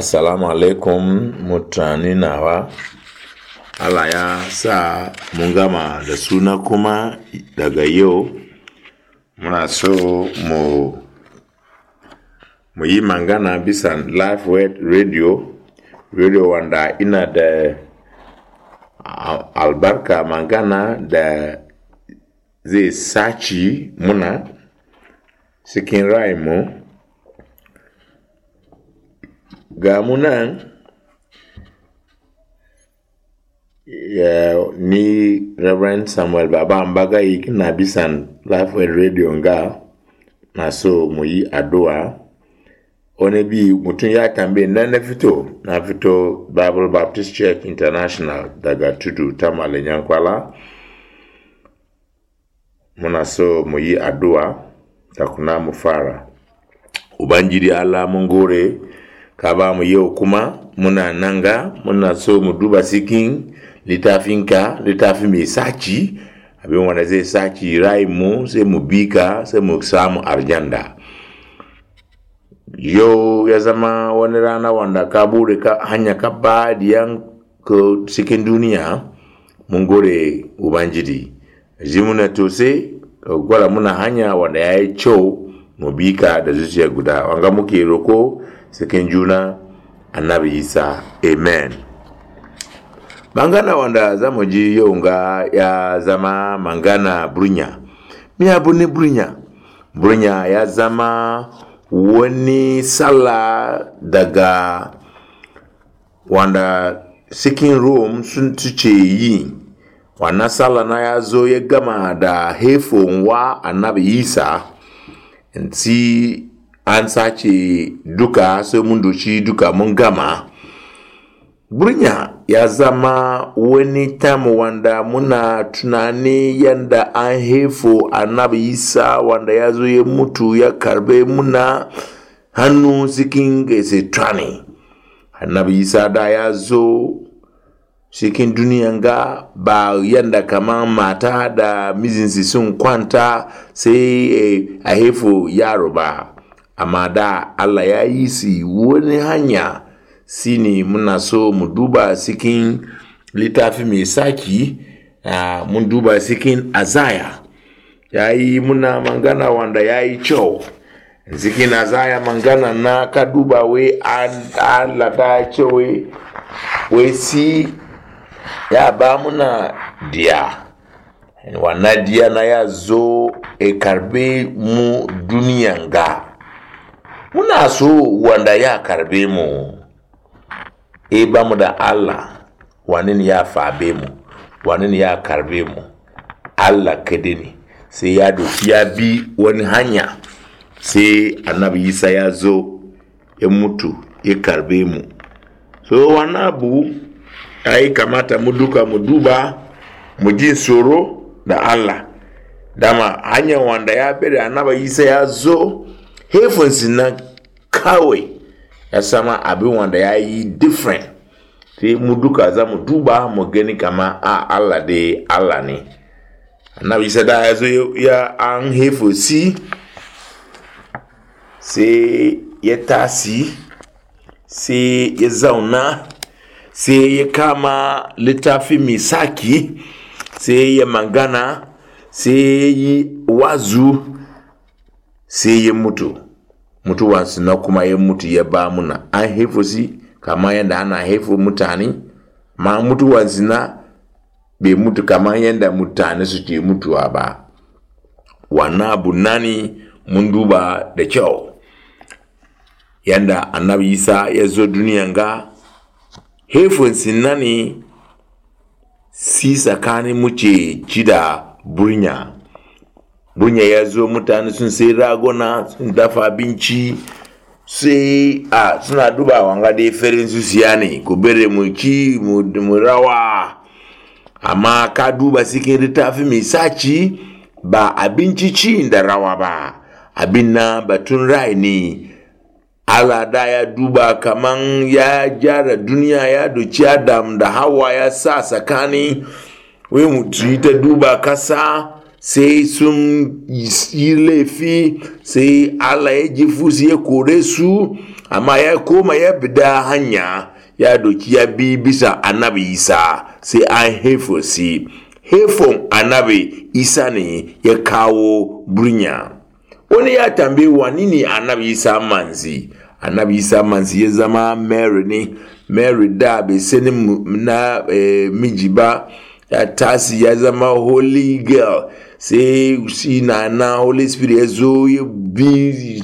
Assalamu alaikum mutane nawa. Allah ya sa mun gama da suna kuma daga yau muna so mu mu yi magana bisa live web radio radio wanda ina da albarka magana da zai saci muna cikin mu. gamunan ya ni Reverend Samuel Baba Mbaga na bisan Lifeway Radio nga na so mu yi addu'a wani bi mutum ya kambe na na fito na fito Bible Baptist Church International daga tudu tamale nyankwala muna so mu yi addu'a da kuna mu fara gore ka ba mu yau kuma muna nan ga muna so mu duba cikin littafinka littafi mai saci abin wanda zai saci mu sai mu bi ka sai mu samu arjanda yau ya zama wani rana wanda ka bude hanya ka ba diyan cikin duniya mun gore ubangiji ji muna to sai gwada muna hanya wanda ya yi kyau mu bi ka da zuciya guda wanga muke roko sekenjuna annabi amen mangana wanda zamu ji ya zama mangana brunya miya bu brunya brunya ya zama wani sala daga wanda sikin rome sun tuce yi wannan sala na ya zo ya gama da hefon wa annabi isa nti an sace duka sai mun doshi duka mun gama burnya ya zama wani tamu wanda muna tunani yanda an hefo annabi isa wanda ya zo ya mutu ya karbe muna hannu cikin tani annabi isa da ya zo cikin duniyan ga ba yanda kama mata da mijinsi sun kwanta sai eh, a hefo yaro ba amma da Allah ya yi su wani hanya sini ne muna so mu duba cikin littafi mai saki mun duba cikin azaya ya yi muna mangana wanda ya yi kyau cikin azaya mangana na ka duba wai an lada ce wai si ya ba muna diya wannan diya na ya zo e karbe mu duniyan ga muna so wanda ya karbe mu e ba mu da allah wani ya fabe mu wani ya karbe mu allah kade ne sai ya doki ya bi wani hanya sai annabi isa ya zo ya mutu ya karbe mu so wani abu ya yi kamata mu duka mu duba mu ji tsoro da allah dama hanyar wanda ya bere annabi isa ya zo haifinsu na kawai ya sama abin wanda ya yi different sai mu duka za mu duba mu gani kama a allah dai allah ne annabi isa da ya zo ya an haifosi sai ya tasi sai ya zauna sai ya kama littafi mai saki sai ya mangana sai ya yi wazu sai ya mutu mutuwa na kuma ya mutu ya ba muna an haifu si kama yadda ana haifu mutane ma mutuwa na bai mutu kama yadda mutane suke mutuwa ba wannan abu nani mun duba da kyau yadda annabi isa ya zo duniyan ga haifunsi na ne si tsakanin muce ci da burnya bunya ya zo mutane sun sai ragona sun dafa binci sai a suna duba wanga dai ferin su siya ne ku bere mu ki mu rawa amma ka duba cikin littafi mai saci ba abinci ci da rawa ba abin na batun rai ne al'ada ya duba kaman ya gyara duniya ya doci adam da hawa ya sa tsakani wai mutu ta duba kasa se sun ile fi se ala ya e ji fusu ye kore su ama ya koma ya bida hanya ya doki ya bi bisa annabi isa sai an hefo si hefon anabi isa ne ya kawo burnya wani ya tambaye wa nini annabi isa manzi annabi isa manzi ya zama mary ne mary da bai sani na eh, miji ba ya tasi ya zama holy girl sai shi na na holy spirit ya zo ya bi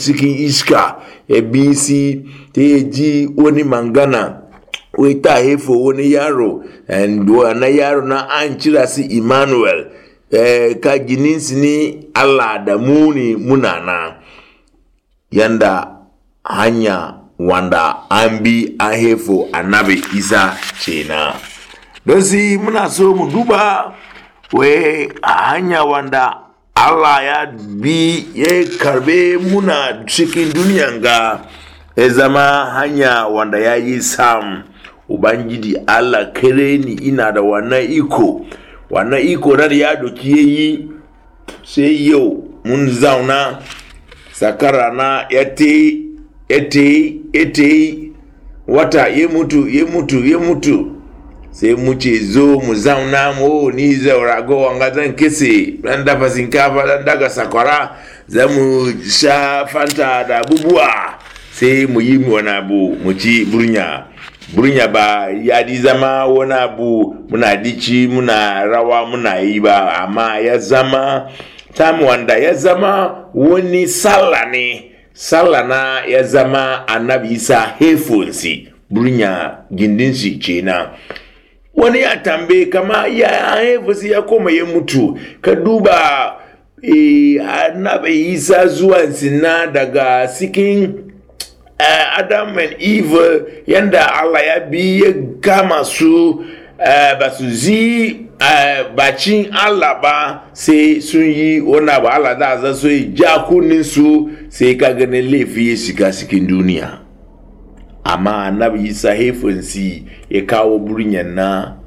cikin iska ya bi si ta yi ji wani mangana wai ta haifo wani yaro na yaro na an cira su emmanuel eh, ka gininsu ni allah da mu ne munana yanda hanya wanda an bi an haifo annabi isa ce na don si muna so mu duba we wanda allah ya bi ye karbe muna cikin duniya ga ya e zama hanya wanda ya yi sam ubangiji allah kare ni ina da wannan iko wannan iko na ya doki ya yi sai yau mun zauna sakara na ya te ya te ya te wata ya mutu ya mutu ya mutu sai mu ce zo mu zauna mu ni go wanga zan kise dan dafa shinkafa dan daga sakwara za mu sha fanta da abubuwa sai mu yi wani abu mu ci burnya burnya ba ya di zama wani abu muna dici muna rawa muna yi ba amma ya zama tamu wanda ya zama wani sallah ne sallah na ya zama annabi isa hefonsi burnya gindin shi kenan wani ya tambaye kama ya haifu ya koma ya mutu ka duba e, annabi isa zuwa sina daga cikin eh, adam and eve yanda allah ya bi ya gama su eh, ba su zi bacin allah ba sai sun yi wani abu allah a za su yi kunin su sai ka ganin laifi ya shiga cikin duniya amma annabi isa haifinsi ya kawo burin yana.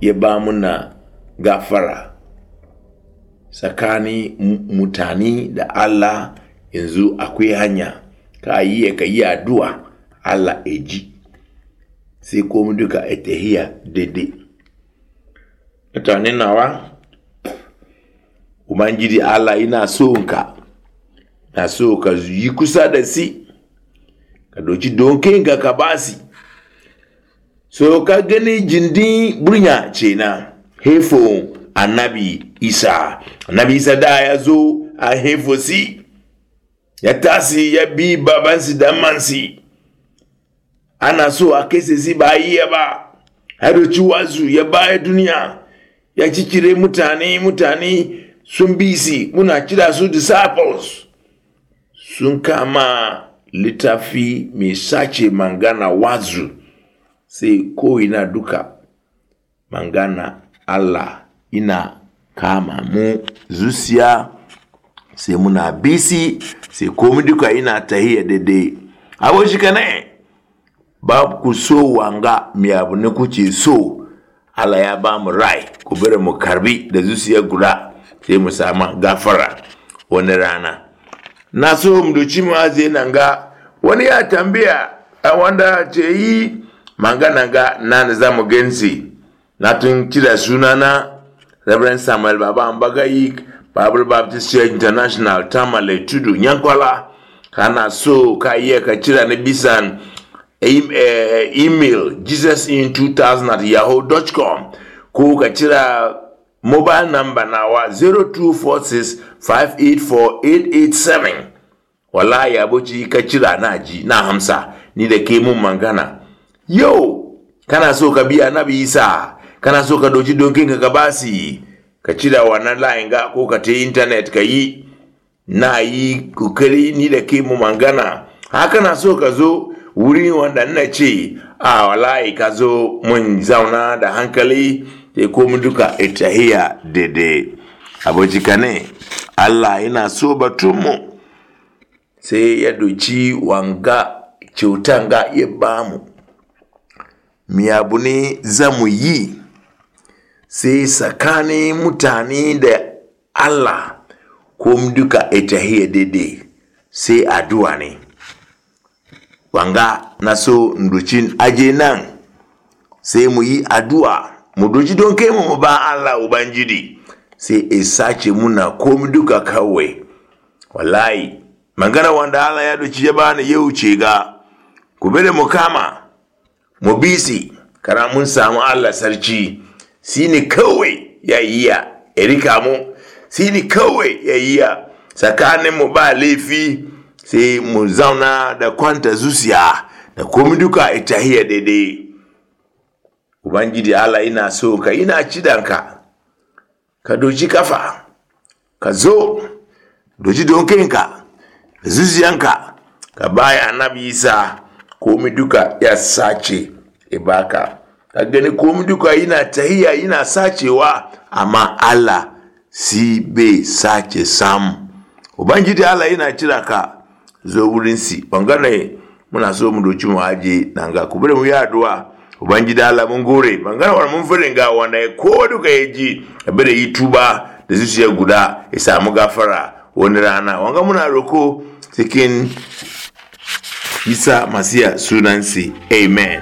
ya ba muna gafara tsakani mutane da Allah yanzu akwai hanya ka yi ka yi addu'a Allah ya ji sai komi duka a tahiya daidai mutane nawa ubangiji Allah ina so ka na so ka yi kusa da si ka doki donkin ka ka basi so ka gani jindin burya ce na hefo annabi isa annabi isa da ya zo a si ya tasi ya bi babansi da mansi ana so a kai si ba yi ya ba har ci wazu ya baya duniya ya cikire mutane mutane sun bi si muna kira su disciples sun kama littafi mai sace mangana wazu sai ina duka mangana Allah ina kama mu zuciya sai muna bisi sai komi duka ina tahiya daidai abu shi ka ba ku so wanga mai abu ne kuce so Allah ya ba mu rai ku bari mu karbi da zuciya guda sai mu sama gafara wani rana na so mu duci mu azi nan ga wani ya tambaya a wanda ce yi ga nan zamu genzi natun kira sunana reverend samuel baba yi bible baptist church international tamale tudu nyankwala kana so ka iya ka kira ni bisan eh, email jesus in 2000 at yahoo.com ko ka cira mobile number nawa 0246584887 wala aboci ka kira na ji na hamsa ni da ke mun mangana yau kana so ka bi annabi isa kana so ka doji donkin ka basi ka ci da wannan layin ga ko ka ta intanet ka yi na yi kokari ni da ke mu mangana haka na so ka zo wuri wanda na ce a wallahi ka zo mun zauna da hankali sai ko duka itahiya daidai abojika ne allah yana so mu sai ya doci wanga kyautan ga iya bamu abu ne za mu yi sai tsakanin mutane da allah ko duka ita hiya daidai sai addu'a ne wanga na so nducin aje nan sai mu yi addu'a mu duci don kai mu ba allah ubangiji sai isace muna komi duka kawai wallahi magana wanda allah ya duci ya bani yau ce ga ku da mukama. kama mu mobisi kana mun samu allah sarki ne kawai ya yi ya erika mu ne kawai ya yi ya tsakanin mu ba laifi sai mu zauna da kwanta zuciya da komi duka itahiyar daidai ubangiji allah ina so ka ina cidanka ka doji kafa ka zo doji donkinka da zuziyanka ka baya annabi isa komi duka ya sace ibaka ka gani komi duka yana tahiya yana sacewa amma Allah si bai sace samu ubangiji Allah yana cira ka zo wurin si bangare muna so mu doci mu aje nan ga kubure mu yaduwa ubangiji Allah mun gore bangare war mun firin ga wanda ko duka ya ji da yi tuba da zuciya guda ya samu gafara wani rana wanga muna roko cikin isa masiya sunansi amen